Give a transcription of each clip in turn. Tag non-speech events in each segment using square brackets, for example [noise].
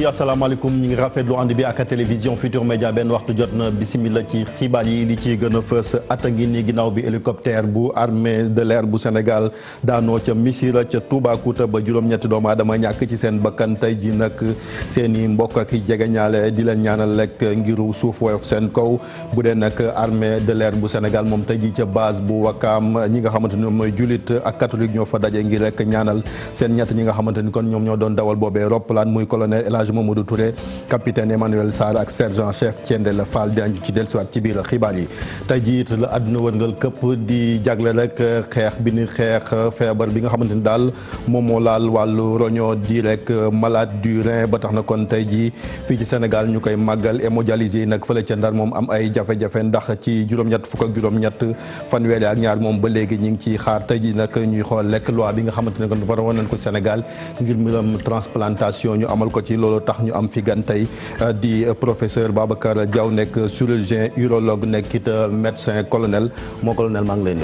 yi asalaamaaleykum ñu ngi rafetlu ànd bi ak télévision Futur Média benn waxtu jot na bisimila ci xibaar yi li ci gën a fës atta ngi ni ginnaaw bi hélicoptère bu armée de l'air bu Sénégal daanoo ca Missira ca Toubacouta ba juróom-ñetti doomu aadama ñàkk ci seen bakkan tey ji nag seeni i mbokk ak jegeñaale di leen ñaanal lekk ngiru suuf woyof seen kaw bu dee nag armée de l'air bu Sénégal moom tey ji ca base bu Wakaam ñi nga xamante ni mooy julit ak catholique ñoo fa daje ngir rek ñaanal seen ñett ñi nga xamante ni kon ñoom ñoo doon dawal boobee Elhadj Mamadou Touré capitaine Emmanuel Sarr ak sergent chef Thiendella Fall daañu ci dellusiwaat ci biir xibaar yi tey jii la àdduna wërngal këpp di jagle rek xeex bi ni xeex feebar bi nga xamante ni daal moom moo laal wàllu roño di rek malade du rein ba tax na kon tey jii fii ci Sénégal ñu koy màggal hémodialysé nag fële ca Ndar moom am ay jafe-jafe ndax ci juróom-ñett fukk ak juróom-ñett fanweeri ak ñaar moom ba léegi ñu ngi ciy xaar tey jii nag ñuy xool rek bi nga xamante ne kon waroon nañ ko Sénégal ngir mbiram loolu tax ñu am fi gan euh, di euh, professeur Babacar Diaw nekk chirurgien urologue nekk euh, médecin colonel moo colonel maa ngi lay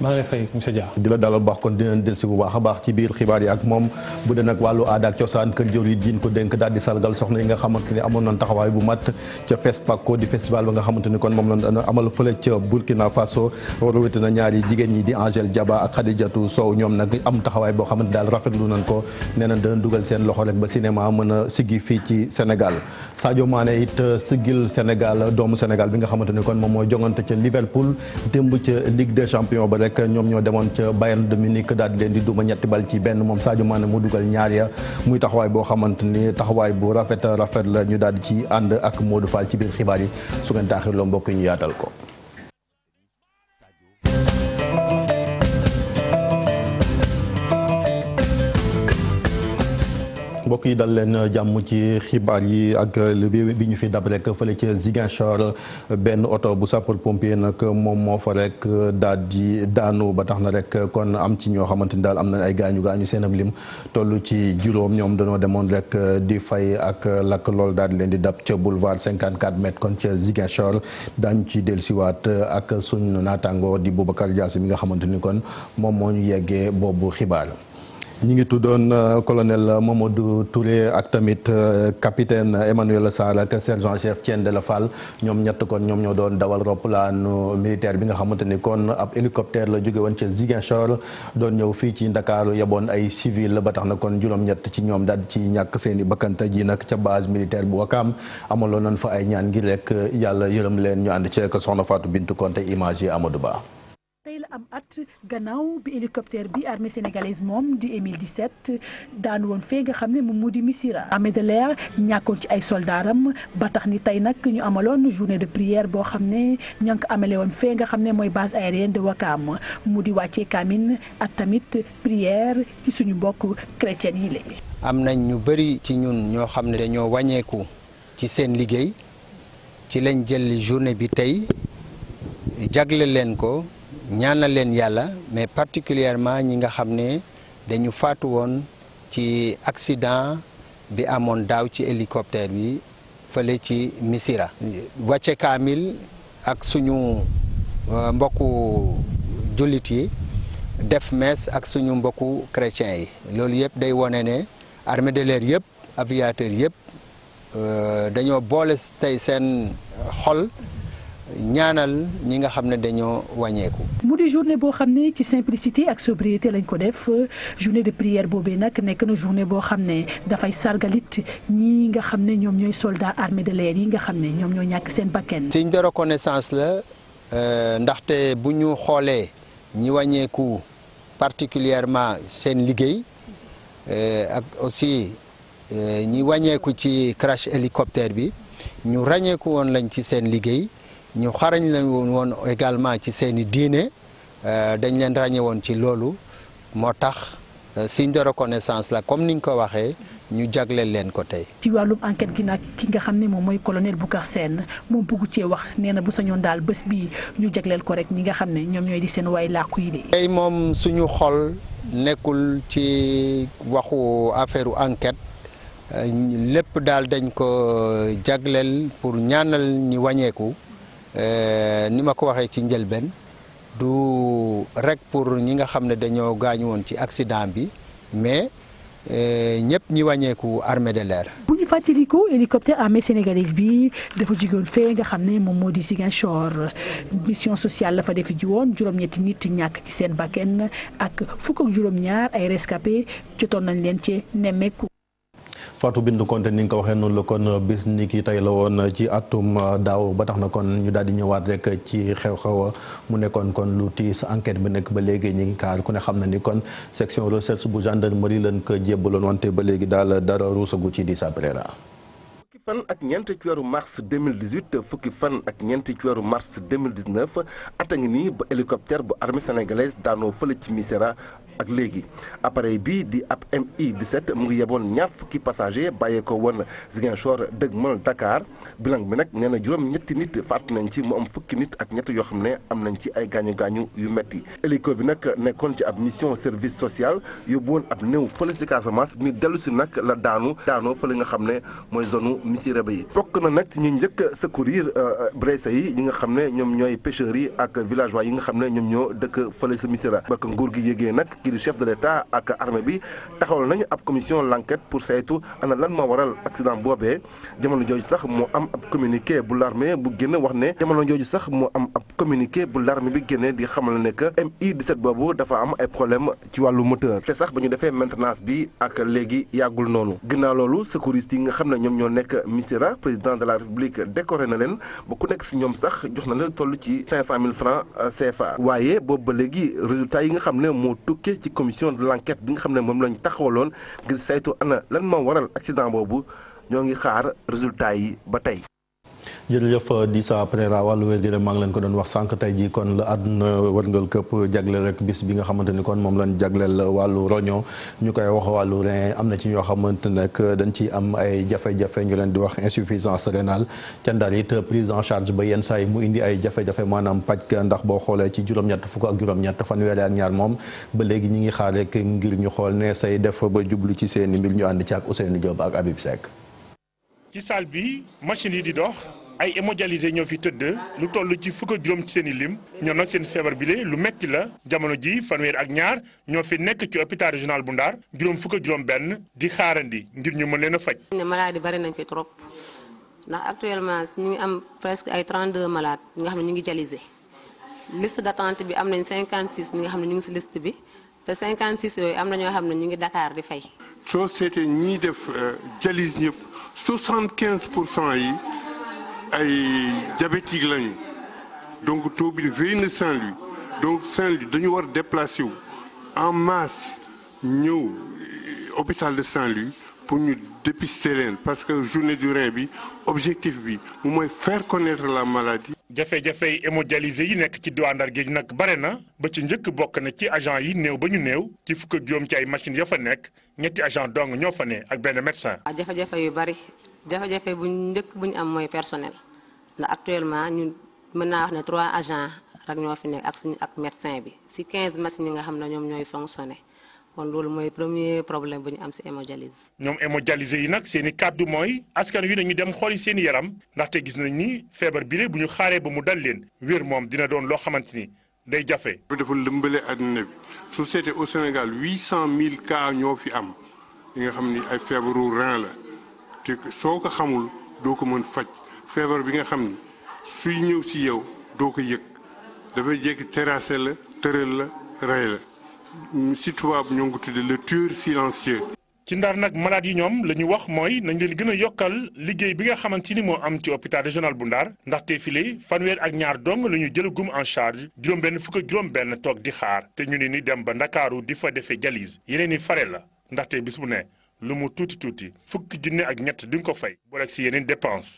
maa ngi lay fay monsieur a baax nga xamante ni amoon nañ taxawaay bu mat ca FESPACO di festival ba nga xamante kon moom lañ amal fële ca Burkina Faso rawati na ñaari jigéen ñi di Angèle Diaba ak Khadijatou Sow ñoom nag am taxawaay boo xamante daal rafetlu nañ ko nee nañ dana dugal seen loxo rek ba cinéma mën a siggi gi fii ci Sénégal Sadio Mané it euh, sigil Sénégal euh, doomu Sénégal bi nga xamante ni kon moom mooy jongante ca Liverpool démb ca Ligue des champions ba rek ñoom ñoo demoon ca Bayern de Munich daal di leen di duma ñetti bal ci benn moom Sadio Mané mu dugal ñaar ya muy taxawaay boo xamante ni taxawaay bu rafet rafet la ñu daal di ci ànd ak Modou Fall ci biir xibaar yi su ngeen taaxir loo mbokk ñu yaatal ko. mbokk yi dal leen jàmm ci xibaar yi ak bi ñu fi dab rek fële ca Ziguinchor benn oto bu sapeur pompier nag moom moo fa rek daal di daanu ba tax na rek kon am ci ñoo xamante ni daal am na ay gaañu gaañu seen am lim toll ci juróom ñoom dañoo demoon rek di fay ak lakk lool daal di leen di dab ca boulevard 54 mètres kon ca Ziguinchor daañu ci dellusiwaat ak suñu naataango di Boubacar Dias bi nga xamante ni kon moom moo ñu yeggee boobu xibaar. ñi ngi tuddoon euh, colonel Mamadou Touré ak tamit euh, capitaine Emmanuel Sarr ak sergent chef Thiène de la Fall ñoom ñett kon ñoom ñoo doon dawal roplaanu militaire bi nga xamante ni kon ab hélicoptère la jóge woon ca Ziguinchor doon ñëw fii ci Ndakaaru yeboon ay civil ba tax na kon juróom-ñett ci ñoom daal ci ñàkk seeni i bakkanta ji nag ca base militaire bu Wakaam amaloon nañ fa ay ñaan ngir rek euh, yàlla yërëm leen ñu ànd ceek soxna Fatou Bintou Konté image yi Amadou Ba am at gannaaw bi hélicoptère bi armée sénégalaise moom di Émile 17 daan woon fee nga xam ne moom moo di Missirah. armée de l'air ñàkkoon ci ay soldaaram ba tax ni tey nag ñu amaloon journée de prière boo xam ne ña ngi woon fee nga xam ne mooy base aérienne de Ouakam mu di wàccee Kamine ak tamit prière ci suñu mbokk chrétien yi la. am nañ ñu bëri ci ñun ñoo xam ne dañoo wàññeeku ci seen liggéey ci lañ jël journée bi tey jagle leen ko. ñaanal leen yàlla mais particulièrement ñi nga xam ne dañu faatu woon ci accident bi amoon daaw ci hélicoptère bi fële ci Missira wàcce kaamil ak suñu euh, mbokku jullit yi def mees ak suñu mbokku chrétiens yi loolu yëpp day wone ne armée de l'air yëpp aviateur yëpp euh, dañoo boole tey seen xol ñaanal ñi nga xam ne dañoo wàññeeku. mu di journée boo xam ne ci simplicité ak sobriété lañ ko def journée de prière boobee nag nekk na journée boo xam ne dafay sargalit ñii nga xam ne ñoom ñooy soldats armée de l'air yi nga xam ne ñoom ñoo ñàkk seen bakkan. signe de reconnaissance la euh, ndaxte bu ñu xoolee ñi wàññeeku particulièrement seen liggéey euh, ak aussi euh, ñi wàññeeku ci crash hélicoptère bi ñu ràññeeku woon lañ ci seen liggéey. ñu xarañ lañ woon également ci seeni i diine euh, dañ leen ràññe woon ci loolu moo tax euh, signe de reconnaissance la comme ni ñu ko waxee ñu jagleel leen ko tey. ci wàllum enquête gi nag ki nga xam ni moom mooy colonel Boucar seen moom bugg cee wax nee na bu sañoon daal bés bi ñu jagleel ko rek ñi nga xam ne ñoom ñooy di seen waay làkku yi de. tey moom suñu xol nekkul ci waxu affaire enquête euh, lépp daal dañ ko jagleel pour ñaanal ñi wàññeeku. Euh, ni ma ko waxee ci njëlbeen du rek pour ñi nga xam ne dañoo gaañu woon ci accident bi mais euh, ñëpp ñi wàññeeku armée de l'air bu ñu fàttaliku hélicoptère amee sénégalis bi dafa jigoon fee nga xam ne moom moo di Ziguinchor mission sociale la fa def ji woon juróom-ñetti nit ñàkk ci seen bakkan ak fukk ak juróom-ñaar ay rescapé jotoon nañ leen ci nemmeeku. Fatou Bintou Konté ni nga ko waxee noonu la kon bis ni ki tey la woon ci atum euh, daaw ba tax na kon ñu daal di ñëwaat rek ci xew-xew mu nekkoon kon lu tiis enquête bi nekk ba léegi ñu ngi kaar ku ne xam na ni kon section recherche bu gendarmerie leen ko jébbaloon wante ba léegi daal dara ruusagu ci di sabrera fan ak ñeent ci weeru mars 2018 fukki fan ak ñeent ci weeru mars 2019 ata ngi nii ba hélicoptère bu armée sénégalaise daanoo fële ci Missirah ak léegi appareil bi di ab MI set mu ngi yeboon ñaar fukki passager bàyyee ko woon Ziguinchor dëgmal Dakar bilan bi nag nee juróom ñetti nit faatu nañ ci mu am fukki nit ak ñett yoo xam ne am nañ ci ay gaañu gaañu yu metti hélico bi nag nekkoon ci ab mission service social yóbbu woon ab néew fële si Casamance bi ñu dellu si nag la daanu daanoo fële nga xam ne mooy zone u Missiraba yi bokk na nag ci ñu njëkk secourir euh, euh, blessés yi nga xam ne ñoom ñooy pêcheurs yi ak villageois yi nga xam ne ñoom ñoo dëkk fële sa Missiraba ba ko gi yégee nag kii di chef de l'état ak armée bi taxawal nañu ab commission l'enquête pour saytu ana lan waral accident boobee jamono jooju sax moo am ab communiqué bu l'armée bu génn wax ne jamono jooju sax moo am ab communiqué bu l'armée bi génne di xamal ne que MI-17 boobu dafa am ay problème ci wàllu moteur te sax ba ñu defee maintenance bi ak léegi yàggul noonu ginnaaw loolu secouriste yi nga xam ne ñoom ñoo nekk Missira président de la République décoré na leen ba ku nekk ci 500 000 ci commission de l'enquête bi nga xam ne moom la ñu taxawaloon ngir saytu ana lan moo waral accident boobu ñoo ngi xaar résultat yi ba tey. jërëjëf Dissa Pereira wàllu wér-gu-yaram maa ngi leen ko doon wax sànq tey jii kon la àdduna wërngal këpp jagleel rek bis bi nga xamante ni kon moom lañ jagleel wàllu roño ñu koy wax wàllu rein am na ci ñoo xamante nag dañ ci am ay jafe-jafe ñu leen di wax insuffisance rénale ca Ndar it prise en charge ba yenn saa mu indi ay jafe-jafe maanaam paj ndax boo xoolee ci juróom-ñett fukk ak juróom-ñett fanweeri ak ñaar moom ba léegi ñi ngi xaar ngir ñu xool ne say def ba jublu ci seeni mbir ñu ànd ci ak Ousseynou Diop ak bi machine yi ay hémodialysés ñoo fi tëdd lu toll ci fukk ak juróom ci seen i lim ñoo nag seen feebar bi lee lu metti la jamono ji fanweer ak ñaar ñoo fi nekk ci hôpital régional bu Ndar juróom fukk juróom benn di xaarandi ngir ñu mën leen a faj. ne yi bari nañ fi trop ndax actuellement ñu ngi am presque ay 32 malades ñi nga xam ne ñu ngi dialysé liste d'attente bi am nañ 56 ñi nga xam ne ñu ngi si liste bi te 56 yooyu am na ñoo xam ne ñu ngi Dakar di fay. soo seetee ñiy def euh, dialyse ñëpp 75 pour cent yi. ay diabétique lañu donc taux bi réy na Saint-Louis donc saint dañu war déplacé wu en masse ñëw euh, hôpital de Saint-Louis pour ñu dépister leen parce que journée du rein bi objectif bi mu mooy faire connaître la maladie. jafe-jafe yi hémodialysé yi nekk ci diwaan Ndar géej nag bare na ba ci njëkk bokk na ci agent yi néew ba ñu néew ci fukk ak juróom ci ay machines yoo fa nekk ñetti agent donc ñoo fa ne ak benn médecin. jafe-jafe bu njëkk bu ñu am mooy personnel ndax actuellement ñun mën naa wax ne trois agents rek ñoo fi nekk ak suñu bi si 15 machines yi nga xam ne ñoom ñooy fonctionner kon loolu mooy premier problème bu ñu am si hémodialyse. ñoom hémodialysé yi nag seen i kàddu mooy askan wi nañu dem xooli seen i yaram ndaxte gis nañ ni feebar bi bu ñu xaaree ba mu dal leen wér moom dina doon loo xamante ni day jafe. bu dafa lëmbale àddina bi su seetee au Sénégal 800000 cas ñoo fi am yi nga xam ni ay feebaru rein la. soo ko xamul doo ko mën faj feebar bi nga xam ni suy ñëw ci yow doo ko yëg dafay jékki terrassé la tëral la rey la ci tubaab ñoo ngi ko tuddee le tueur silencieux. ci ndar nag malade yi ñoom la ñu wax mooy nañ leen gën a yokkal liggéey bi nga xamante ni moo am ci hôpital régional bu ndar ndaxte file fanweer ak ñaar dong la ñu jël gum en charge juróom-benn fukk ak juróom-benn toog di xaar te ñu ne ni dem ba ndakaaru di fa defee dialyse yeneen i fare la ndaxte bis bu ne lu mu tuuti tuuti fukki junne ak ñett di ko fay. boole si yeneen dépense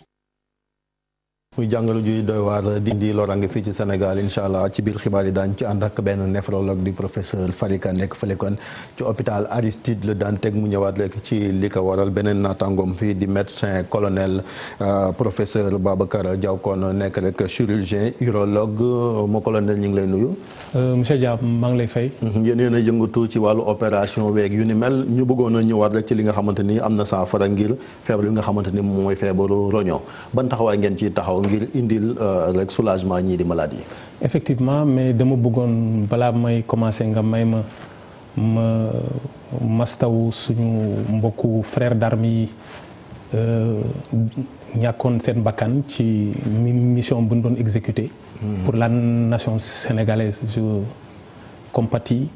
muy jàngoro juy doy waar dindi lorange fii ci Sénégal incha allah ci biir xibaar yi daañu ci ànd ak benn néphrologue di professeur Farika nekk fële kon ci hôpital Aristide daan teg mu ñëwaat rek ci li ko waral beneen naataangoom fii di médecin colonel euh, professeur Babacar Diaw kon nekk rek chirurgien urologue moo colonel ñu ngi lay nuyu. Euh, monsieur Dia maa ngi lay fay. Mhm. yéen yéen a yëngatu ci wàllu opération weeg yu ni mel ñu bëggoon ñëwaat rek ci li nga xamante ni am na saafara ngir feebar yi nga xamante ni mooy feebaru roño ban taxawaay ngeen ci taxaw. gaaw ngir indil euh, rek soulagement ñii di malade effectivement mais dama bëggoon balaa may commencer nga may ma ma mastaw suñu mbokku frère d'armes yi euh, ñàkkoon seen bakkan ci mission bu ñu doon exécuté. Mm-hmm. pour la nation sénégalaise je compatis.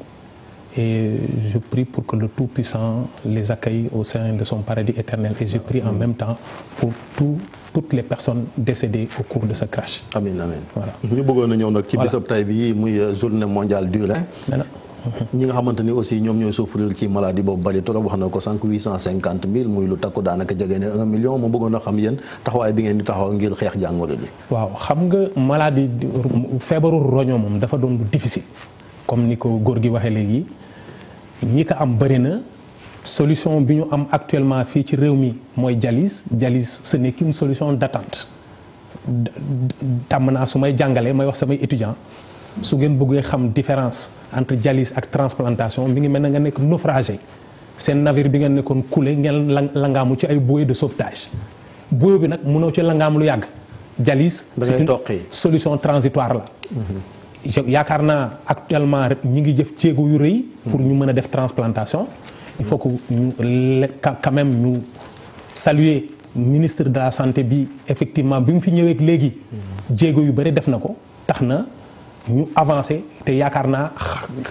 Et je pour que le Tout-Puissant les accueille au sein de son paradis éternel. Et je prie en même temps pour tout toutes les personnes décédées au cours de ce crash. amiin amiin bëggoon na ñëw nag ci bisab tay bi muy euh, journée mondiale du rein. ñi nga xamante ni aussi ñoom ñooy souffrir ci maladie boobu bari trop wax na ko sànq huit cent cinquante mille muy lu takku daanaka jege ne un million ma bëggoon xam yéen taxawaay bi ngeen di taxaw ngir xeex jàngoro ji. waaw xam nga maladie feebaru roño moom dafa doon lu comme ni ko góor gi waxee léegi. ñi ko am bëri na solution bi ñu am actuellement fii ci réew mi mooy jalis dialyse ce n'est qu'une solution d'attente tàmm naa su may jàngalee may wax samay étudiants su ngeen bëggee xam différence entre dialyse ak transplantation bi ngi mel na nga nekk naufragé seen navire bi ngeen nekkoon coulé ngeen langaamu ci ay bouée de sauvetage bouée bi nag mënoo ci langaam lu yàgg jalis c'est une solution transitoire la mm-hmm. yaakaar naa actuellement ñi ngi jëf jéego yu rëy. pour ñu mën a def transplantation. il faut que ñu quand même ñu saluer ministre de la santé bi effectivement bi mu fi ñëwee léegi. jéego yu bëri def na ko tax na ñu avancé te yaakaar naa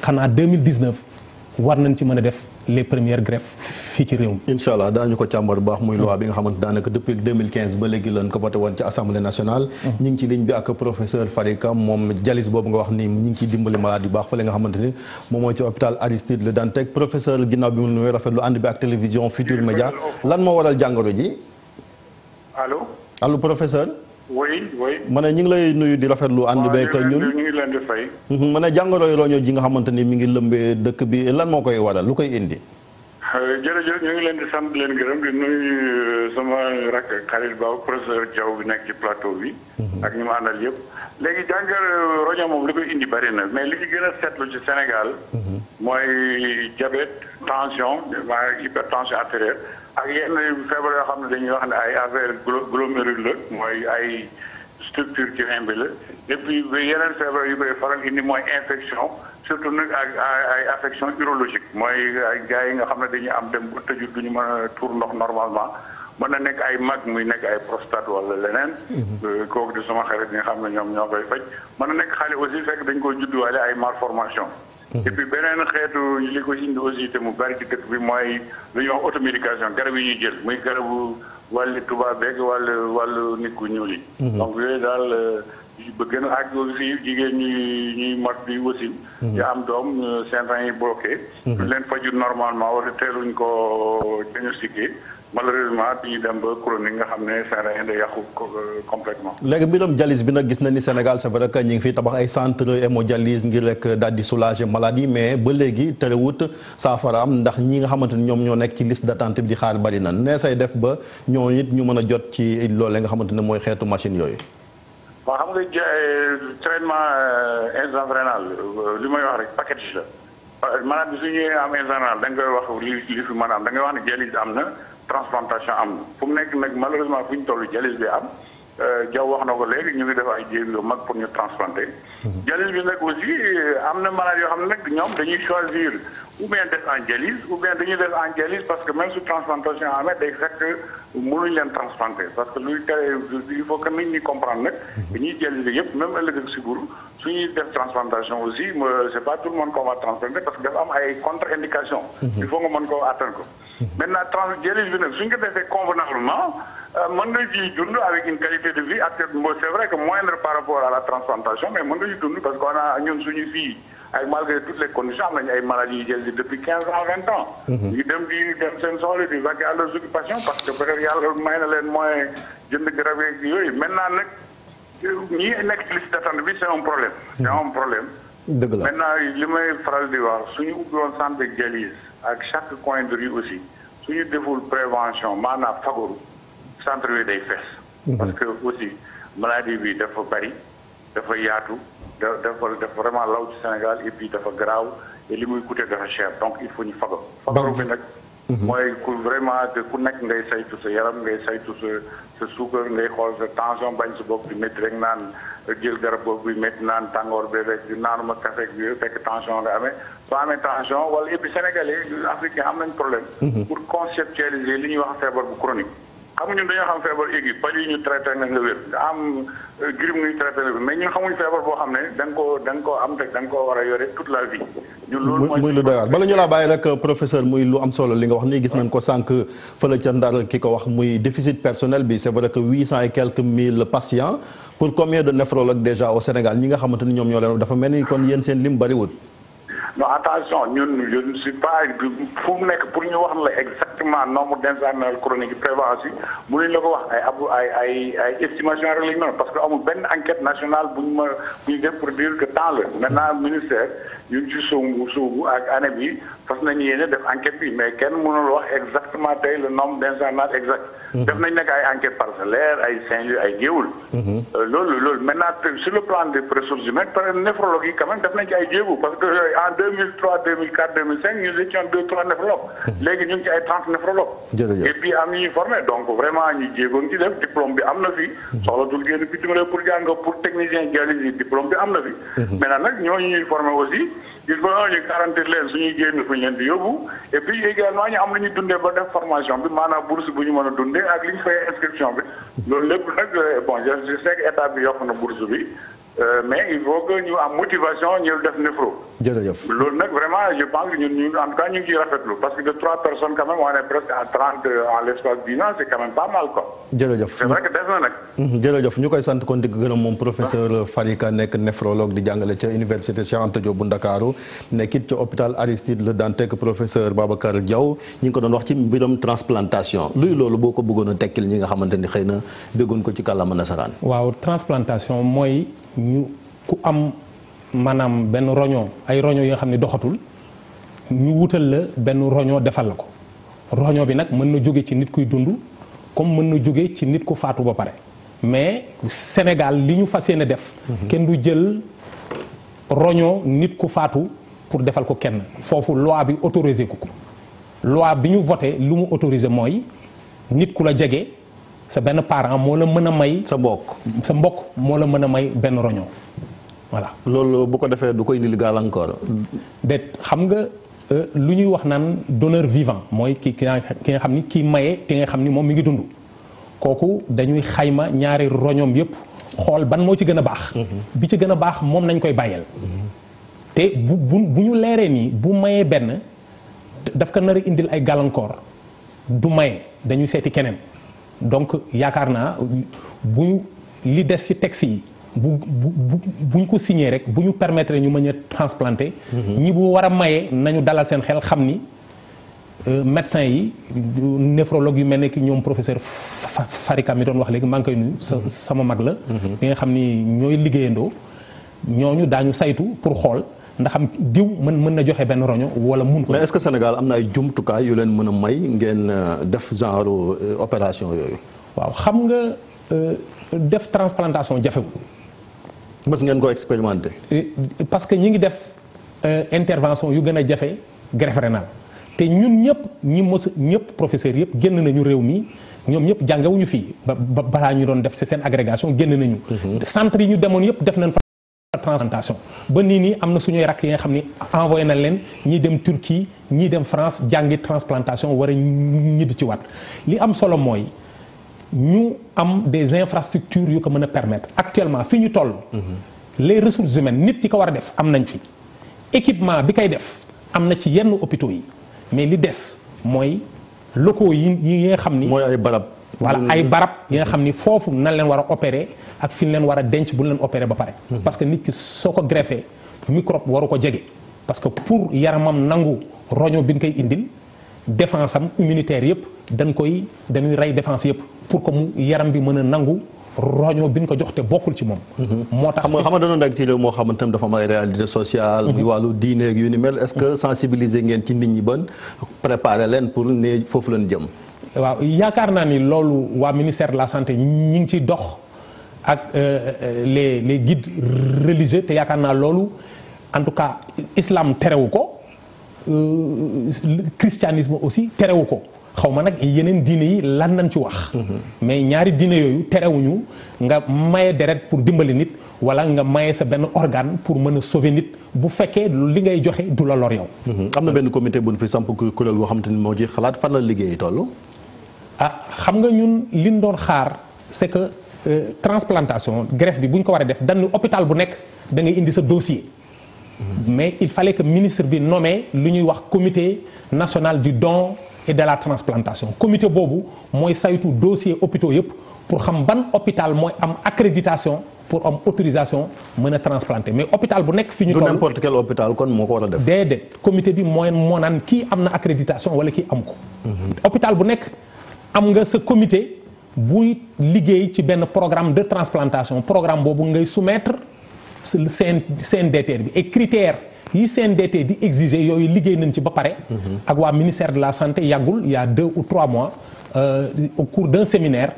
xanaa 2019 war nañ ci mën a def les premières greffes. fii ci réew mi incha allah daañu ko càmbar baax muy loi bi nga xamante daanaka depuis 2015 ba léegi lañ ko voté woon ci assemblée nationale mm-hmm. ñi ngi ci ligne bi ak professeur Farika moom jalis boobu nga wax ni ñi ngi dimbali malade yu baax fële nga xamante ni moom mooy ci hôpital Aristide Le Dantec professeur ginnaaw bi mu nuy rafetlu ànd bi ak télévision Futur Média lan moo waral jàngoro ji allo allo professeur oui oui. ñu ngi lay nuyu di rafetlu ànd beeg ñun ñu ngi leen di fay. Mm-hmm. ma nga xamante ni mi ngi lëmbee dëkk bi lan moo koy waral lu koy indi. jërëjëf ñu ngi leen di sant leen gërëm di nuyu euh, sama rakk Khalil Ba professeur Diaw bi nekk ci plateau bi. Mhm. ak ñu ma àndal yëpp. léegi jàngal euh, roño moom li koy indi bari na mais li ci gën a ci Sénégal. Mhm. mooy diabète tension maa hypertension artérielle ak yenn feebar yoo xam ne dañuy wax ne ay affaire glomérule la mooy ay structure ci rein bi la et puis yeneen feebar yu koy faral indi mooy infection. surtout nag ak ay affection urologique mooy ay yi nga xam ne dañuy am dem bu tëju duñu mën a tuur ndox normalement mën na nekk ay mag muy nekk ay prostate wala leneen. Mhm. Euh, kooku di sama xarit nga xam ne ñoom ñoo koy faj mën na nekk xale aussi fekk dañ koy judduwaale ay malformation mhm. et puis beneen xeetu li ko indi aussi te mu bari ci dëkk bi mooy lu ñuy wax automédication garab yi ñuy jël muy garabu wàllu tubaab beeg wàllu wàllu nit ku ñuul yi. Mhm. donc yooyu daal. Euh, ba gën ak àgg fii jigéen ñuy ñuy mat di wasin mhm. ya am doom euh, seen rein yi bloqué mhm. duñ leen faju normalement wala teeluñ ko diagnostiqué malheureusement dañuy dem ba chronique nga xam ne seen rein day yàqu euh, complètement léegi mbiram dialyse bi nag gis na ni Sénégal c'est vrai que ñu ngi fi tabax ay centre hémodialyse ngir rek daal di soulager maladie mais ba léegi terewut saafara am ndax ñi nga xamante ni ñoom ñoo nekk ci liste d'attente bi di xaar bari na nee say def ba ñoo it ñu mën a jot ci loole nga xamante ne mooy xeetu machine yooyu waaw xam nga ja euh, traitement euh, insuffisance rénale euh, li may wax rek package la maanaam bi su ñëwee am insuffisance rénale da nga koy wax li li fi maanaam am dangay wax ne dialyse am na transplantation am na fu mu nekk nag malheureusement fu ñu tollu dialyse bi am Jaw wax na ko léegi ñu ngi def ay jéem yu mag pour ñu transplanter mhm. dialyse bi nag aussi am na malade yoo xam ne nag ñoom dañuy choisir ou bien def en dialyse ou bien dañuy def en dialyse parce que même su transplantation amee day fekk mënuñ leen transplanter parce que luy tere il faut que nit ñi comprendre nag dañuy dialyser yëpp même ëllëg ak sibur su ñuy def transplantation aussi c'est pas tout le monde qu'on transplanter parce que dafa am ay contre-indication mhm. il faut nga mën ko atteindre ko mhm. maintenant trans dialyse bi nag suñ ko defee convenablement euh, mën nga ji dund avec une qualité de vie ak c'est par rapport à la transplantation mais mën nga ji dund parce que on a ñun ay malgré toutes les conditions am nañu ay maladies yu jël depuis quinze ans vingt ans. Mhm. ñu dem di dem seen soxla di vaquer à leurs occupations parce que peut être yàlla may na leen moyen jënd garab yeeg yooyu maintenant nag ñi nekk ci liste bi c' est un problème. c' est mhm. problème. dëgg la li may faral di wax suñu ubbi woon centre de ak chaque coin de rue aussi suñu deful prévention maanaam fagaru centre yooyu day fees. Mhm. parce que aussi maladie bi dafa bari dafa yaatu. da dafa dafa vraiment law ci Sénégal et puis dafa garaaw et li muy coûter dafa cher donc il faut ñu fago fago bi nag mhm. mooy ku vraiment ku nekk ngay saytu sa yaram ngay saytu sa sa suukar ngay xool sa tension bañ sa bopp di métti rek naan jël garab boobu bi métti naan tàngoor bi rek di naanuma café bi fekk tension nga amee soo amee tension wala et puis sénégalais africain am nañ problème mhm. pour conceptualiser li ñuy wax feebar bu chronique xamuñu dañoo xam feebar aigu paj yi ñu traité nga nga wér nga am euh, grippe ñu traité nga mais ñun xamuñu feebar boo xam ne da nga koo da koo am koo war a yore toute la vie. ñun loolu mooy muy lu doy waar bala ñu laa bàyyi rek euh, professeur muy lu am solo li nga wax nii gis nañ ko sànq fële ca Ndar ki ko wax muy déficit personnel bi c'est vrai que huit cent et quelques mille patients pour combien de néphrologues déjà au Sénégal ñi nga xamante ni ñoom ñoo leen dafa mel ni kon yéen seen lim bariwul. non attention ñun je ne suis pas fu mu nekk pour ñu wax la exactement nombre d'infirmières chroniques prévalence yi mënuñ la ko wax ay abu ay ay ay estimation rek la ñu mën parce que amul benn enquête nationale bu ñu ma bu ñu def pour dire que tant la maintenant ministère ñu ngi ci sóobu sóobu ak année bi fas nañu yéene def enquête bi mais kenn mënul wax exactement tey le nombre d'incendies exact mhm. def nañ nag ay enquête parcellaire ay Saint-Louis ay Géoul mhm. euh, loolu loolu maintenant sur le plan des ressources humaines par néphrologue yi quand def nañ ci ay jéego parce que euh, en 2003 2004 2005 ñu étions deux trois néphrologues mhm. léegi ñu ngi ci ay trente néphrologues et am ñu ñu formé donc vraiment ñu jéego ci def diplôme il faut que ñu garantir leen suñuy génn fu ñu leen di yóbbu et puis également ñu am lu ñu dundee ba def formation bi maanaam bourse bu ñu mën a dundee ak li ñu fay inscription bi loolu lépp nag euh, bon je sais état bi yokk na bourse bi. Euh, mais il faut que ñu am motivation ñu def néphro. jërëjëf loolu nag vraiment je mmh, ñu koy sant kon di gërëm moom professeur ah. Farika nekk néphrologue di jàngale ca université Cheikh Anta Diop bu Ndakaaru nekkit ca hôpital Aristide Le Dantec professeur Babacar Diaw ñu ngi ko doon wax ci mbiram transplantation luy loolu boo ko bëggoon a tekkil ñi nga xamante ni xëy na déggoon ko ci kàllaama nasaraan. waaw transplantation mooy. ñu ku am maanaam benn roño ay roño yoo xam ne doxatul ñu wutal la benn roño defal la ko roño bi nag mën na jóge ci nit kuy dund comme mën na jóge ci nit ku faatu ba pare mais Sénégal li ñu fas yéene def mhm. kenn du jël roño nit ku faatu pour defal ko kenn foofu loi bi autorisé ku ko loi bi ñu voté lu mu autorisé mooy nit ku la jege sa benn parent moo la mën a may. sa mbokk sa mbokk moo la mën a may benn roño voilà. loolu bu ko defee du ko indil gàllankoor. déet xam nga euh, lu ñuy wax naan donneur vivant mooy ki ki nga xam ni kii maye ki nga xam ni moom mi ngi dund kooku dañuy xayma ñaari roñoom yépp xool ban moo ci gën a baax. Mhm. bi ci gën a baax moom nañ koy bàyyeel. te bu bu bu ñu leeree nii bu mayee benn daf ko nar a indil ay gàllankoor du maye dañuy seeti keneen. donc yaakaar naa bu ñu li des ci texte yi bu bu bu ñu ko signé rek bu ñu permettre ñu mën a transplanter. Mhm. ñi bu war a mayee nañu dalal seen xel xam ni euh, médecin yi néphrologue yu mel ne ki ñoom professeur Farika mi doon wax léegi maa ngi koy nuyu sa mhm. sama mag la. bi mhm. nga xam ni ñooy liggéeyandoo ñooñu daañu saytu pour xool. ndax am diw man mën na joxe benn roño wala mun ko. mais est Sénégal am na ay jumtukaay yu leen mën a may ngeen euh, def genre euh, opération yooyu. waaw xam nga euh, def transplantation jafewul. mës ngeen ko expérimenté. parce que ñi ngi def intervention yu gën a jafe greffe rénal te ñun ñëpp ñi mës ñëpp professeur yëpp génn nañu réew mi ñoom ñëpp jàngewuñu fii ba balaa ñu doon def si seen agrégation génn nañu. Mm-hmm. centre yi ñu demoon yëpp def nañ fa. transplantation ba nii nii am na suñuy rakk yi nga xam ni envoyé na leen ñi dem Turquie ñi dem France jàngi transplantation war a ñibbi ci waat li am solo mooy ñu am des infrastructures yu ko mën a permettre actuellement fi ñu toll. Mhm. les ressources humaines nit ci ko war a def am nañ fi équipement bi koy def am na ci yenn hôpitaux yi mais li des mooy locaux yi yi nga xam ni. mooy ay barab. wala ay barab yi xam ni foofu na leen war a ak fi ñu leen war a denc bu ñu leen opéré ba pare. Mhm. parce que nit ki soo ko greffé microbe waru ko jege. parce que pour yaramam nangu roño bi ñu koy indil défense am immunitaire yëpp dañ koy dañuy rey défense yëpp pour comme yaram bi mën a nangu. roñoo bi ñu ko jox te bokkul ci moom. Mhm. moo tax xam nga xam nga danoon nekk moo xamante ne dafa am ay réalité sociale. Mhm. muy wàllu diine ak yu ni mel. est-ce que sensibiliser ngeen ci nit ñi ban préparer leen pour ne foofu lañ jëm. waaw loolu waa ministère la santé ñi ngi ciy dox ak euh, euh, les les guides religieux te yaakaar naa loolu en tout cas islam terewu ko euh, christianisme aussi terewu ko xaw ma nag yeneen diine yi lan nañ ci wax. Mhm. mais ñaari diine yooyu terewuñu nga maye deret pour dimbali nit wala nga maye sa benn organe pour mën a sauver nit bu fekkee li ngay joxe du la lor yow. Mhm. am na benn comité bu ñu fi samp kuréel goo xamante ni moo ci xalaat fan la liggéey toll. Ah, xam nga ñun liñ doon xaar c'est que. Euh, transplantation greffe bi bu ñu ko war a def dañu hôpital bu nekk da ngay indi sa dossier. mais il fallait que ministre bi nommé lu ñuy wax comité national du don et de la transplantation comité boobu mooy saytu dossier hôpitaux yëpp pour xam ban hôpital mooy am accréditation pour am autorisation mën a transplanter mais hôpital bu nekk fi ñu. du n'importe quel hôpital kon moo ko war a def. déedéet comité bi mooy moo naan kii am na accréditation wala kii am ko. Mhm. buy liggéey ci benn programme de transplantation programme boobu ngay soumettre seen CNDT bi et critères yi CNDT di exiger yooyu liggéey nañ ci ba pare. Mhm. ak waa ministère de la santé yàggul il y deux ou trois mois euh, au cours d'un séminaire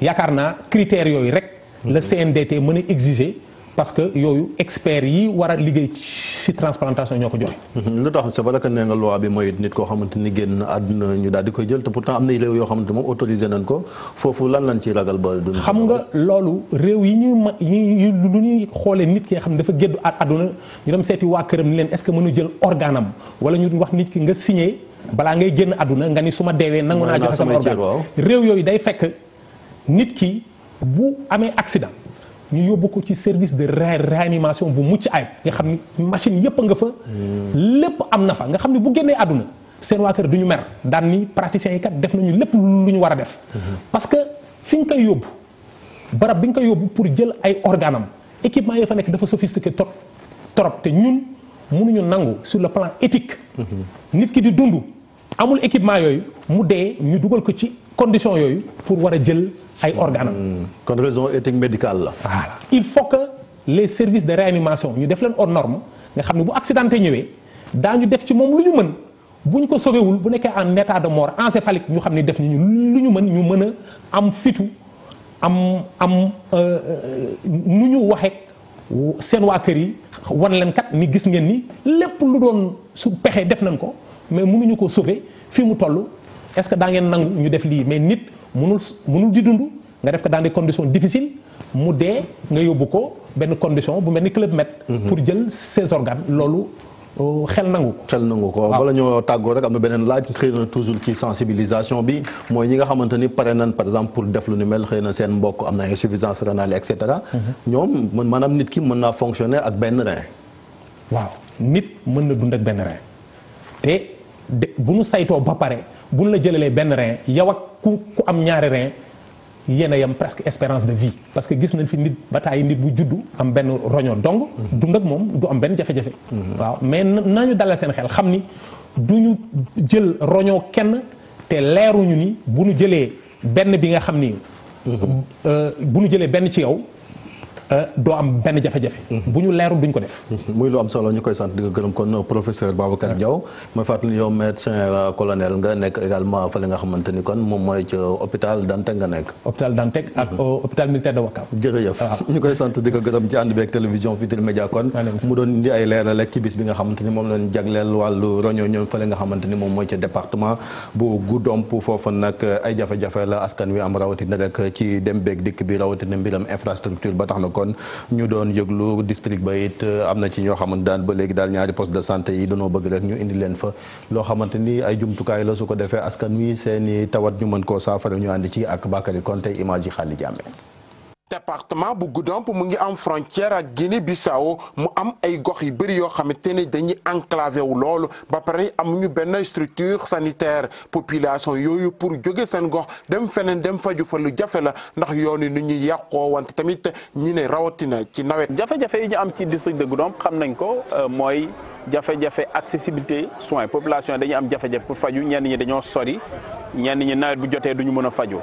yaakaar naa critères yooyu rek. Mhm. la CNDT mën a exiger. parce que yooyu experts yi war a liggéey ci transplantation ñoo ko joxe. lu tax c'est vrai nee nga loi bi mooy nit koo xamante ni génn àdduna ñu daal di ko jël te pourtant am na réew yoo xamante moom autorisé ko foofu lan lañ ci ragal ba. xam nga loolu réew yi ñuy ma yi lu ñuy xoolee nit ki xam ne dafa géddu àdduna ñu dem seeti waa këram ni leen est-ce que mënu jël organe am wala ñu wax nit ki nga signé balaa ngay génn àdduna nga ni su ma deewee nangu naa joxe sama organe réew yooyu day fekk nit ki bu amee accident. ñu yóbbu ko ci service de réanimation bu mucc ay nga xam ni machine yépp a nga fa lépp am na fa nga xam ni bu génnee àdduna seen waa kër du ñu mer daan ni praticiens yi kat def nañu lépp lu ñu war a def parce que fi nga koy yóbbu barab bi nga koy yóbbu pour jël ay organam équipement yi fa nekk dafa sophistiqué trop trop te ñun mënuñu nangu sur le plan éthique nit ki di dund amul équipement yooyu mu dee ñu dugal ko ci condition yooyu pour war a jël ay organes. Hmm. kon raison éthique médicale la. voilà il faut que les services de réanimation ñu def leen aux normes nga xam ne bu accidenté ñëwee daa daañu def ci moom lu ñu mën bu ñu ko sauvé bu nekkee en état de mort encéphalique ñu xam ne def nañu lu ñu mën ñu mën a am fitu am am euh, euh, nu ñu waxee seen waa kër yi wan leen kat ni gis ngeen ni lépp lu doon su pexe def nañ ko. mais mënuñu ko sauver fi mu toll est-ce que daa ngeen nangu ñu def lii mais nit mënul mënul di dund nga def ko dans des condition difficiles mu dee nga yóbbu ko benn condition bu mel ni Club met mhm. pour jël ses organes loolu euh, xel nangu ko xel nangu ko bala ñoo tàggoo rek am na beneen laaj xëy na toujours ci sensibilisation bi mooy ñi nga xamante ni pare nañ par exemple pour def lu ni mel xëy na seen mbokk am na insuffisance rénale et cetera mhm. ñoom man maanaam nit ki mën naa fonctionner ak benn rein waaw nit mën na dund benn rein bu nu saytoo ba pare bu nu la jëlalee benn rein yow ak ku ku am ñaari rein yéen a yam presque espérance de vie parce que gis nañ fi nit bataayi nit bu juddu am benn roño dong dund ak moom du am benn jafe-jafe waaw mais nañu dalal seen xel xam ni du ñu jël roño kenn te leeruñu ni bu nu jëlee benn bi nga xam ni mm-hmm. euh, bu nu jëlee benn ci yow Euh, doo am benn jafe-jafe. Mhm. bu ñu leerul duñ ko def. Mhm. muy lu am solo ñu koy sant di ko gërëm kon professeur Babacar Diaw ma fàttali yow médecin colonel nga nekk également fa li nga xamante ni kon moom mooy ci hôpital Dantec nga nekk. hôpital Dantec ak mhm. euh, hôpital militaire de Ouakam. Ah. [laughs] sant di gërëm ci ànd beeg télévision doon indi ay leeral rek nga xamante ni moom lañ jagleel wàllu roño ni moom mooy ci département bu Goudomp foofu nag ay jafe-jafe la askan wi am rawatina rek ci dem beeg dikk bi rawatina mbiram infrastructure ba tax na ko kon ñu doon yëglu district ba it euh, am na ci ñoo xamante daan ba léegi daal ñaari poste de santé yi dañoo bëgg rek ñu indi leen fa loo xamante ni ay jumtukaay la su ko defee askan wi seeni tawat ñu mën koo saafara ñu àndi ci ak Bakary Konte image yi Xaali Jaame département bu Goudomp mu ngi am frontière ak Guinée Bissau mu am ay gox yu bëri yoo xamante ne dañuy enclavé wu loolu ba pare amuñu benn structure sanitaire population yooyu pour jóge seen gox dem feneen dem faju fa lu jafe la ndax yoon yi nu ñuy yàqoo wante tamit ñi ne rawatina ci nawet. jafe-jafe yi ñu am ci district de Goudomp xam nañ ko euh, mooy jafe-jafe accessibilité soins population dañuy am jafe-jafe pour faju ñenn ñi dañoo sori ñenn ñi nawet bu jotee duñu mën a faju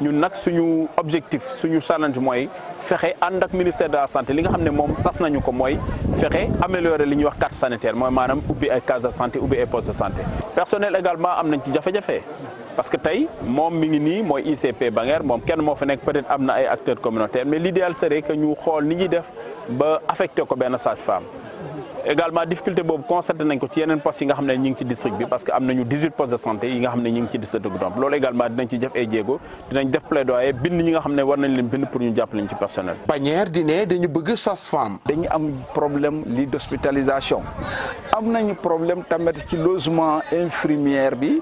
ñun nag suñu objectif suñu challenge mooy fexe ànd ak ministère de la santé li nga xam ne moom sas nañu ko mooy fexe améliorer li ñuy wax carte sanitaire mooy maanaam ubbi ay case de santé ubbi ay poste de santé personnel également am nañ ci jafe-jafe parce que tey moom mi ngi nii mooy ICP Banger moom kenn moo fa nekk peut-être am na ay acteurs communautaires mais l'idéal serait que ñu xool ni ñuy def ba affecté ko benn sage-femme également difficulté boobu constaté nañ ko ci yeneen postes yi nga xam ne ñu ngi ci district bi parce que am nañu 18 postes de santé yi nga xam ne ñu ngi ci district bi donc loolu également dinañ ci def ay jéego dinañ def plaidoyer bind ñi nga xam ne war nañ leen bind pour ñu jàppale ñu ci personnel Panière di ne dañu bëgg sage-femme dañu am problème lii d'hospitalisation am nañu problème tamit ci logement infirmière bi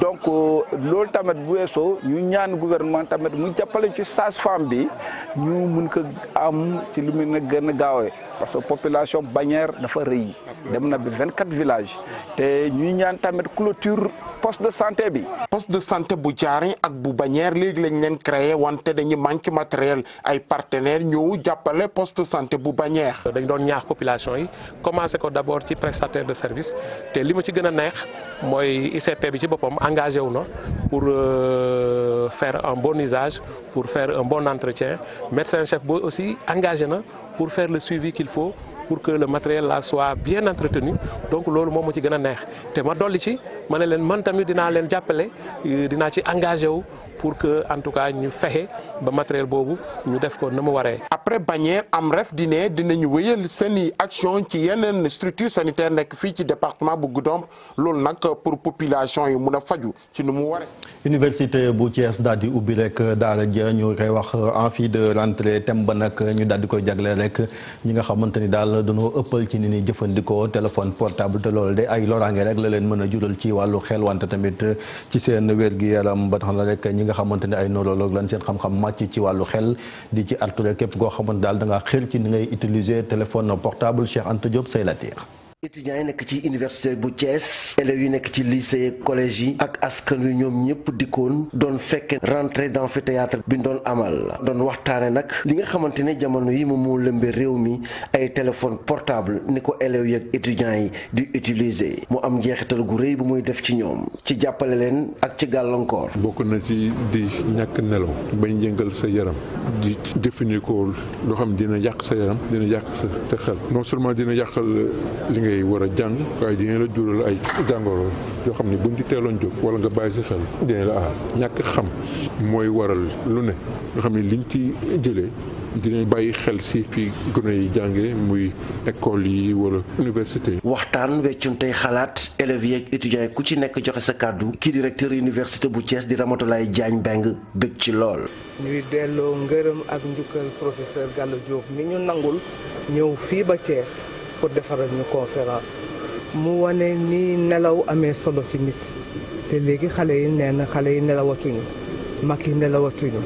donc euh, loolu tamit bu weesoo ñu ñaan gouvernement tamit mu jàppale ci sage-femme bi ñu mën ko am ci lu mu gën a parce que population Bagnères dafa rëy dem na bi vingt quatre villages te ñuy ñaan tamit clôture poste de santé bi. poste de santé bu jaaree ak bu Bagnères léegi lañ leen créé wante dañu manque matériel ay partenaires ñëw jàppale poste de santé bu Bagnères. dañ doon ñaax population yi commencé ko d' abord ci prestataire de service te li ma ci gën a neex mooy ICP bi ci boppam engagé wu na pour euh, faire un bon usage pour faire un bon entretien médecin chef boo aussi engagé na. pour faire le suivi qu'il faut pour que le matériel là soit bien entretenu donc loolu moom ma ci gën a neex te ma dolli ci ma ne leen man tamit dinaa leen jàppale euh, dinaa ci engagé wu pour que en tout cas ñu fexe ba matériel boobu ñu def ko na mu waree. après bannière AMREF di ne dinañu wéyal seeni action ci yeneen structure sanitaire nekk fii ci département bu Goudomp loolu nag pour population yi mun a faju ci nu mu waree. université bu Thiès daal di ubbi rek daara ja ñu koy wax envie de rentrée thème ba nag ñu daal di koy jagleel rek ñi nga xamante ni daal dañoo ëppal ci ni ñuy jëfandikoo téléphone portable te loolu de ay loraange rek la leen mën a jural ci wàllu xel wante tamit nga xamante ne ay neurologue lan seen xam-xam màcc ci wàllu xel di ci artu képp koo xamante daal da ngaa ci ni ngay utiliser téléphone portable Cheikh Anta Diop say la teex étudiants yi nekk ci université bu Thiès élèves yi nekk ci lycée collège yi ak askan wi ñoom ñëpp dikkoon doon fekke rentrée d'amphithéâtre bi doon amal doon waxtaane nag li nga xamante ne jamono yi moom moo lëmbe réew mi ay téléphone portable ni ko élèves yi ak étudiants yi di utiliser mu am njeexital gu rëy bi muy def ci ñoom ci jàppale leen ak ci gàllankoor bokk na ci di ñàkk nelaw bañ yëngal sa yaram di définir ko loo xam dina yàq sa yaram dina yàq ngay war a waaye dina la jural ay jàngoro yoo xam ne buñ ci teeloon jóg wala nga bàyyi si xel dina la aar ñàkk xam mooy waral lu ne nga xam ne liñ ci jëlee dinañ bàyyi xel si fi gone yi jànge muy école yi wala université waxtaan weccuntey xalaat élèves yeeg étudiants yi ku ci nekk joxe sa kàddu kii yi université bu Thiès di Ramatoulaye Diagne Mbengue bëgg ci lool ñuy delloo ngërëm ak njukkal professeur Gallo Diop ñu nangul ñëw fii ba Thiès pour defaral ñu conférence mu wane ni nelaw amee solo ci nit te léegi xale yi nee na xale yi nelawatuñu mag yi nelawatuñu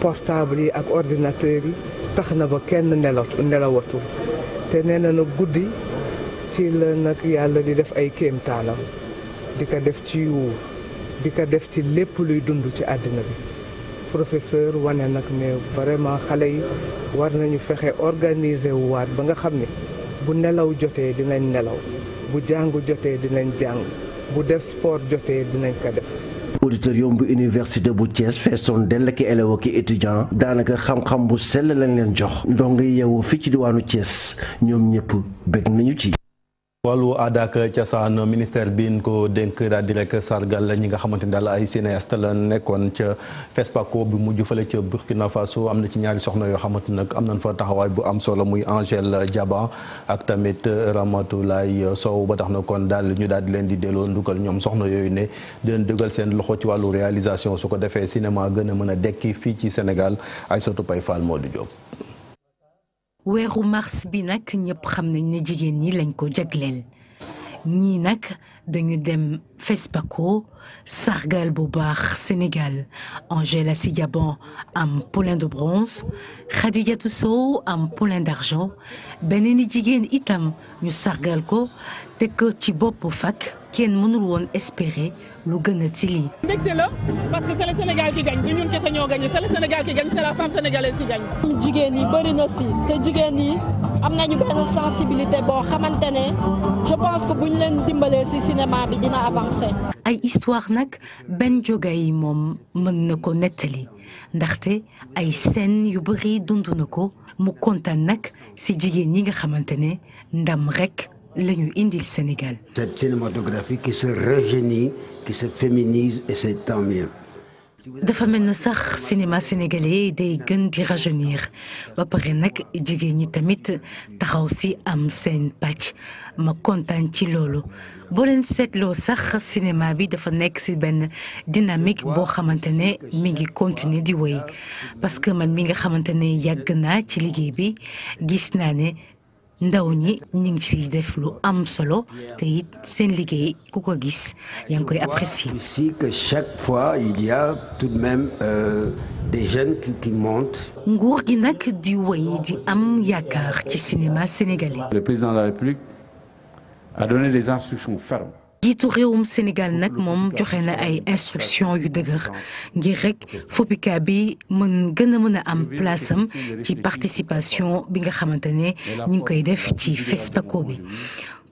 portable yi ak ordinateur yi tax na ba kenn nelawatu nelawatu te nee na na guddi ci la nag yàlla di def ay kéemtaanam di ko def ci yiwu di ko def ci lépp luy dund ci àddina bi professeur wane nag ne vraiment xale yi war nañu fexe organiser wu ba nga xam ni bu nelaw jotee dinañ nelaw bu jàng jotee dinañ jàng bu def sport jotee dinañ ko def auditorium bu université bu Thiès feesoon dell ki élève ki étudiant daanaka xam-xam bu sell lañ leen jox ndongo yi yeewoo fii ci diwaanu Thiès ñoom ñëpp bëgg nañu ci wàllu aada ak cosaan ministère bi ko dénk daal di rek sargal ñi nga xamante ni daal ay cinéaste la nekkoon ca FESPACO bu mujj fële ca Burkina Faso am na ci ñaari soxna yoo xamante nag am nañ fa taxawaay bu am solo muy Angèle Diaba ak tamit Ramatoulaye Sow ba tax na kon daal ñu daal di leen di delloo ndugal ñoom soxna yooyu ne di leen dugal seen loxo ci wàllu réalisation su ko defee cinéma gën a mën a dekki fii ci Sénégal Aïssatou Pay Fall moo di Diop weeru mars bi nag ñëpp xam nañ ne jigéen ñi lañ ko jagleel ñii nag dañu dem fespako sargal bu baax Sénégal Angela Sidiaban am poulain de bronze Khadijatou Sow am poulain d'argent beneen i jigéen itam ñu sargal ko teg kë ci boppu fak kenn mënul woon espérer lu gën a parce que c'est le Sénégal qui gagne ñun kese ñoo gagne c'est le Sénégal qui gagne c'est la femme sénégalaise qui gagne. jigéen yi bëri te jigéen am nañu benn sensibilité boo xamante ne je pense bu ñu leen dimbalee ci cinéma bi dina avancer. ay histoire nag Ben Dioga yi moom mën na ko nettali ndaxte ay scène yu bëri dund na ko mu kontaan nag ci jigéen ñi nga xamante ne ndam rekk lañu ñu indil Sénégal. cette cinématographie qui se rajeunit qui se féminise et c'est tant dafa mel na sax cinéma sénégalais day gën di rajeunir ba pare nag jigéen ñi tamit taxaw si am seen pàcc ma kontaan ci loolu boo leen seetloo sax cinéma bi dafa nekk si benn dynamique boo xamante ne mi ngi continuer di wéy parce que man mi nga xamante ne yàgg naa ci liggéey bi gis naa ne ndaw ñi ñu ngi ciy def lu am solo te it seen liggéey ku ko gis yaa ngi koy apprécier. Ici que chaque fois il y tout de même euh, des jeunes qui, qui montent. nguur gi nag di wéy di am yaakaar ci cinéma sénégalais. Le président de la République a donné des instructions fermes. jiitu réewum Sénégal nag moom joxe na ay instruction yu dëgër ngir rek FOPICA bi mën gën a mën a am place am ci participation bi nga xamante ne ñu koy def ci FESPACO bi.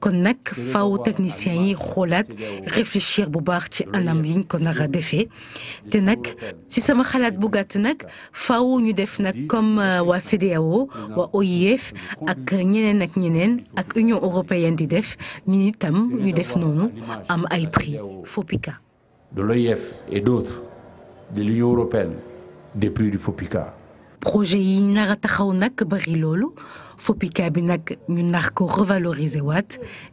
kon nag faw techniciens yi xoolaat réfléchir bu baax ci anam yiñ ko nar a defee te nag si sama xalaat bu gàtt nag faw ñu def nag comme euh, waa CEDEAO waa OIF ak ñeneen nag ñeneen ak Union européenne di def ñu itam ñu def noonu am ay prix FOPICA. de du FOPICA. projet yi nar a taxaw nag bari loolu. FOPICA bi nag ñu nax ko revaloriser waat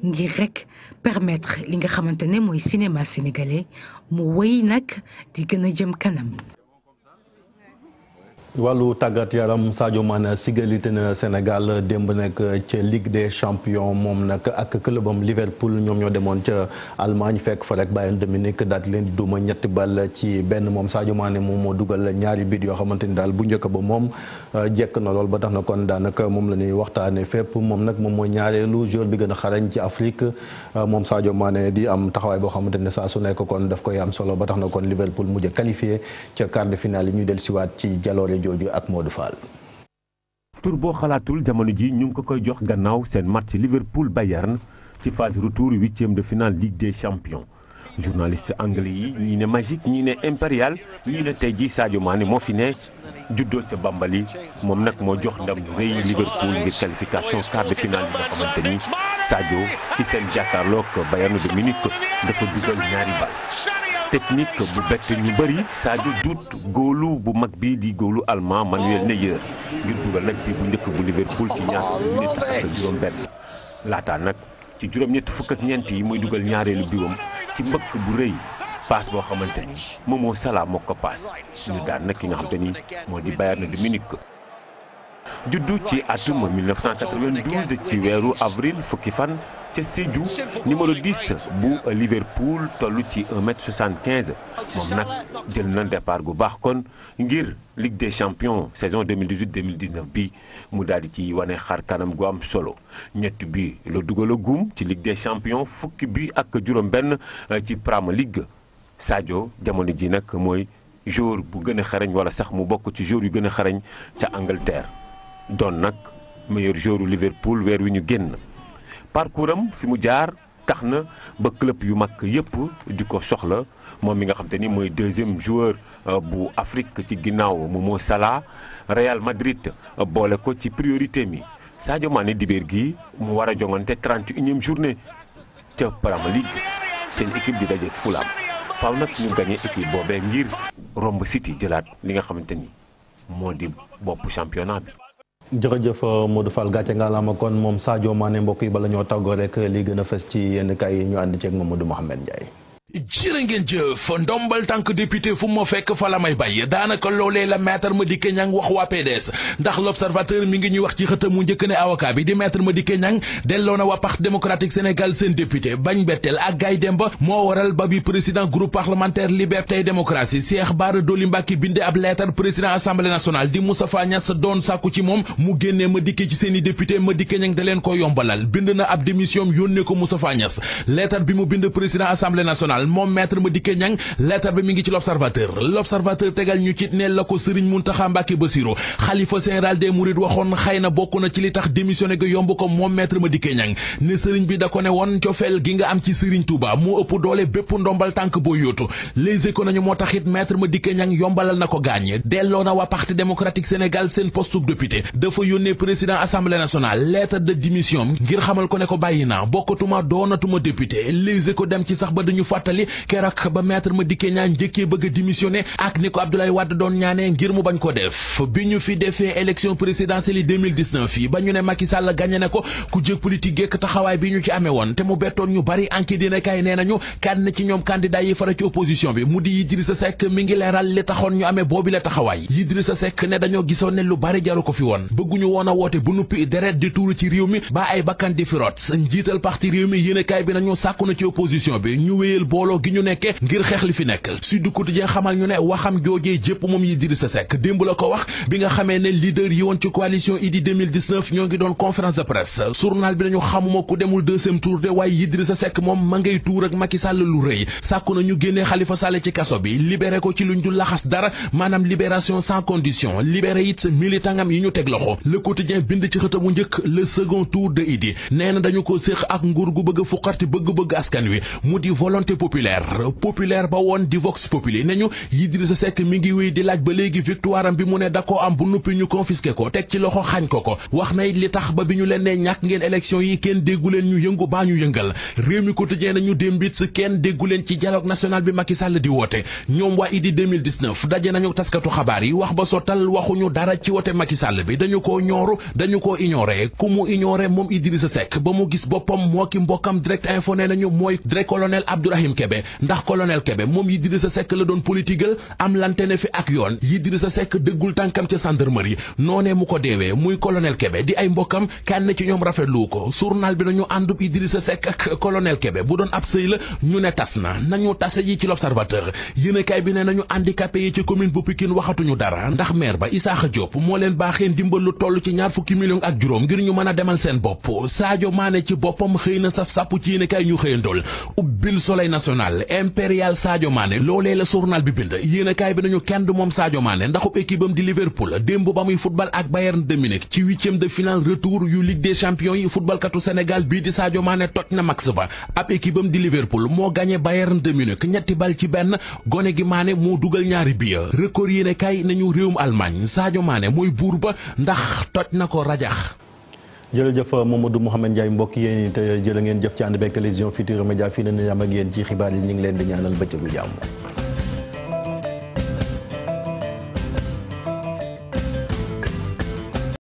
ngi rek permettre li nga xamante ne mooy cinéma sénégalais moo wéy nag di gën a jëm kanam wàllu tàggat yaram Sadio Mané sigalite na Sénégal démb nag ca Ligue de champion moom nag ak clubam Liverpool ñoom ñoo demoon ca Allemagne fekk fa rek Bayern de Munich daal leen duma ñetti bal ci benn moom Sadio Mané moom moo dugal ñaari bit yoo xamante ni daal bu njëkk ba moom euh, jekk na lool ba tax na kon daanaka moom la ñuy waxtaane fépp moom nag moom mooy ñaareelu jour bi gën a xarañ ci Afrique euh, moom Sadio Mané di am taxawaay boo xamante ne saa su nekk kon daf koy am solo ba tax na kon Liverpool mujj a qualifié ca quart de finale yi siwaat ci jaloore jooju ak Modou Fall. boo xalaatul jamono ji ñu ngi ko koy jox gannaaw seen match Liverpool Bayern ci phase retour huitième de finale Ligue des champion journaliste anglais yi ñii ne Magic ñii ne impérial ñii ne tey jii Sadio Mané moo fi ne juddoo ca Bambali moom nag moo jox ndam lu rëy Liverpool ngir qualification quart de finale yi nga xamante ni Sadio ci seen jàkkaarloog Bayern de Munich dafa dugal ñaari ba technique bu bett ñu bëri Sadio duut góolu bu mag bi di góolu allemand Manuel Neuer ngir dugal nag bi bu njëkk bu Liverpool ci ñaar fukki minute ak juróom-benn laataa nag ci juróom-ñetti fukk ñeent yi muy dugal ñaareelu biwam ci mbëkk bu rëy paas boo xamante ni Momo Salah moo ko paas ñu daan nag ki nga xamante ni moo di Bayern de Munich. juddu ci atum 1992 ci weeru avril fukki fan ca Sédhiou numéro 10 bu Liverpool toll ci 1 mètre 75 moom nag jël na départ gu baax kon ngir Ligue des champions saison 2018 2019 bi mu daal di ci wane xar kanam gu am solo ñett bi la dugal a guum ci Ligue des champions fukki bi ak juróom-benn euh, ci Premier League Sadio jamono ji nag mooy joueur bu gën a xarañ wala sax mu bokk ci joueur yu gën a xarañ ca Angleterre. doon nag meilleur joueur Liverpool weer wi ñu génn parcours am fi mu jaar tax na ba club yu mag yëpp di ko soxla moom mi nga xam te ni mooy deuxième joueur euh, bu Afrique ci ginnaaw Momo Salah Real Madrid euh, boole ko ci priorité mi Sadio Mané dibéer gi mu war a jongante 31e journée ca Premier League seen équipe di dajeek Fulham faaw nag ñu gagné équipe boobee ngir romb City jëlaat li nga xamante ni moo di bopp championnat bi. jërëjëf Modou Fall gàcce nga la kon moom Sadio Mané mbokk yi bala ñoo tàggoo rek li gën a fës ci yenn kay yi ñu ànd ceeg Mamadou Mouhamed Ndiaye. jërë ngeen jëf ndombal tànk député fu ma fekk fa la may bay daanaka loolee la maître Madické Niang wax waa PDS ndax l'observateur mi ngi ñuy wax ci xëtam mu njëkk ne avocat bi di maître Madické Niang delloo na waa parti démocratique Sénégal seen député bañ betteel ak Gaye ba moo waral ba bi président groupe parlementaire liberté et démocratie Cheikh Bara Dolly Mbacké binde ab lettre président assemblée nationale di Moustapha Niasse doon sàkku ci moom mu génnee Madické ci i député Madické Niang da leen ko yombalal bind na ab démission yónnee ko Moustapha Niasse lettre bi mu bind président assemblée nationale journal moom maître Madické Niang lettre bi mi ngi ci l'observateur l'observateur tegal ñu ci ne la ko Serigne Mountakha Mbacké Bassirou xalifa général des mourides waxoon xëy na bokk na ci li tax démissionné gi yomb ko moom maître Madické Niang ne Serigne bi da ko ne woon cofeel gi nga am ci Serigne Touba moo ëpp doole bépp ndombal tànk boo yóotu les nañu moo tax it maître Madické Niang yombalal na ko gaañ delloo na waa parti démocratique Sénégal seen poste député dafa yónnee fàttali keroog ba maître Madické Niang njëkkee bëgg a ak ni ko Abdoulaye Wade doon ñaanee ngir mu bañ ko def bi ñu fi defee élection présidentielle yi ba ñu ne Macky Sall gagné na ko ku jëg politique gékk taxawaay bi ñu ci amee woon te mu bettoon ñu bari enquête dina kay nee nañu kenn ci ñoom candidat yi fara ci opposition bi mu di Idrissa Seck mi ngi leeral li taxoon ñu amee boobi la taxawaay Idrissa Seck ne dañoo gisoon ne lu bari jaru booloo gi ñu nekke ngir xeex li fi nekk Sud Quotidien xamal ñu ne waxam joojee jépp moom Idrissa Seck démb la ko wax bi nga xamee ne leader yi woon ci coalition Idy ñoo ngi doon conférence de presse journal bi nañu xamuma ku demul tour de waaye Idrissa Seck moom ma ngay tuur ak Macky Sall lu rëy sàkku na ñu génnee Khalifa Sall ci kaso bi libéré ko ci luñ du laxas dara maanaam libération sans condition libéré it militangam yi ñu teg l le quotidien bind ci xëtamu njëkk le second tour de Idy nee na dañu gu bëgg a fuqarti bëgg-bëgg askan wi mu di volonté populaire ba woon di vox populi nañu Idrissa Seck mi ngi wéy di laaj ba léegi victoire bi mu ne da koo am bu nuppi ñu confisqué ko teg ci loxo xañ ko ko wax na it li tax ba bi ñu leen ñàkk ngeen élection yi kenn déggu ñu yëngu baa ñu yëngal réew mi quotidien nañu nañu taskatu xabaar yi wax ba sottal waxuñu dara ci wote Macky bi dañu koo ñooru dañu koo ignoré ku mu ignoré moom Idrissa Seck ba mu gis boppam moo ki mbokkam direct info nañu Kébé ndax colonel Kébé moom Idrissa Seck la doon politique am lante ne fi ak yoon Idrissa Seck dëggul tànkam ca gendarmerie noonee mu ko deewee muy colonel Kébé di ay mbokkam kenn ci ñoom rafetlu ko journal bi nañu àndub Idrissa Seck ak doon ab sëy la ñu ne tas na nañu tase yi ci l'observateur yéenekaay bi ne nañu handicapé yi ci commune bu Pikine waxatuñu dara ndax maire ba Isaaxa Diop moo leen baaxee ndimbal lu toll ci ñaar fukki millions ak juróom ngir ñu mën a demal seen bopp Sadio Mané ci boppam xëy na saf-sàpp ci yéenekaay ñu xëyandool national impérial Sadio Mané loolee la journal bi bind yéenekaay bi nañu kenn moom Sadio Mané ndaxub équipe am di Liverpool démb ba muy football ak Bayern de Munich ci huitième de finale retour yu Ligue des champions yi football katu Sénégal di Sadio Mané toj na max ba ab équipe am di Liverpool moo gagné Bayern de Munich ñetti bal ci benn gone gi Mané moo dugal ñaari bi record yéenekaay nañu réewum Allemagne Sadio maane mooy buur ba ndax toj na ko rajax jërëjëf euh, Mamadou Mouhamed Ndiaye mbokk yéen it euh, jërë ngeen jëf ci ànd bekk télévision Futurs Médias fii la ñu am ci xibaar yi ñu ngi leen di ñaanal bëccëgu jàmm.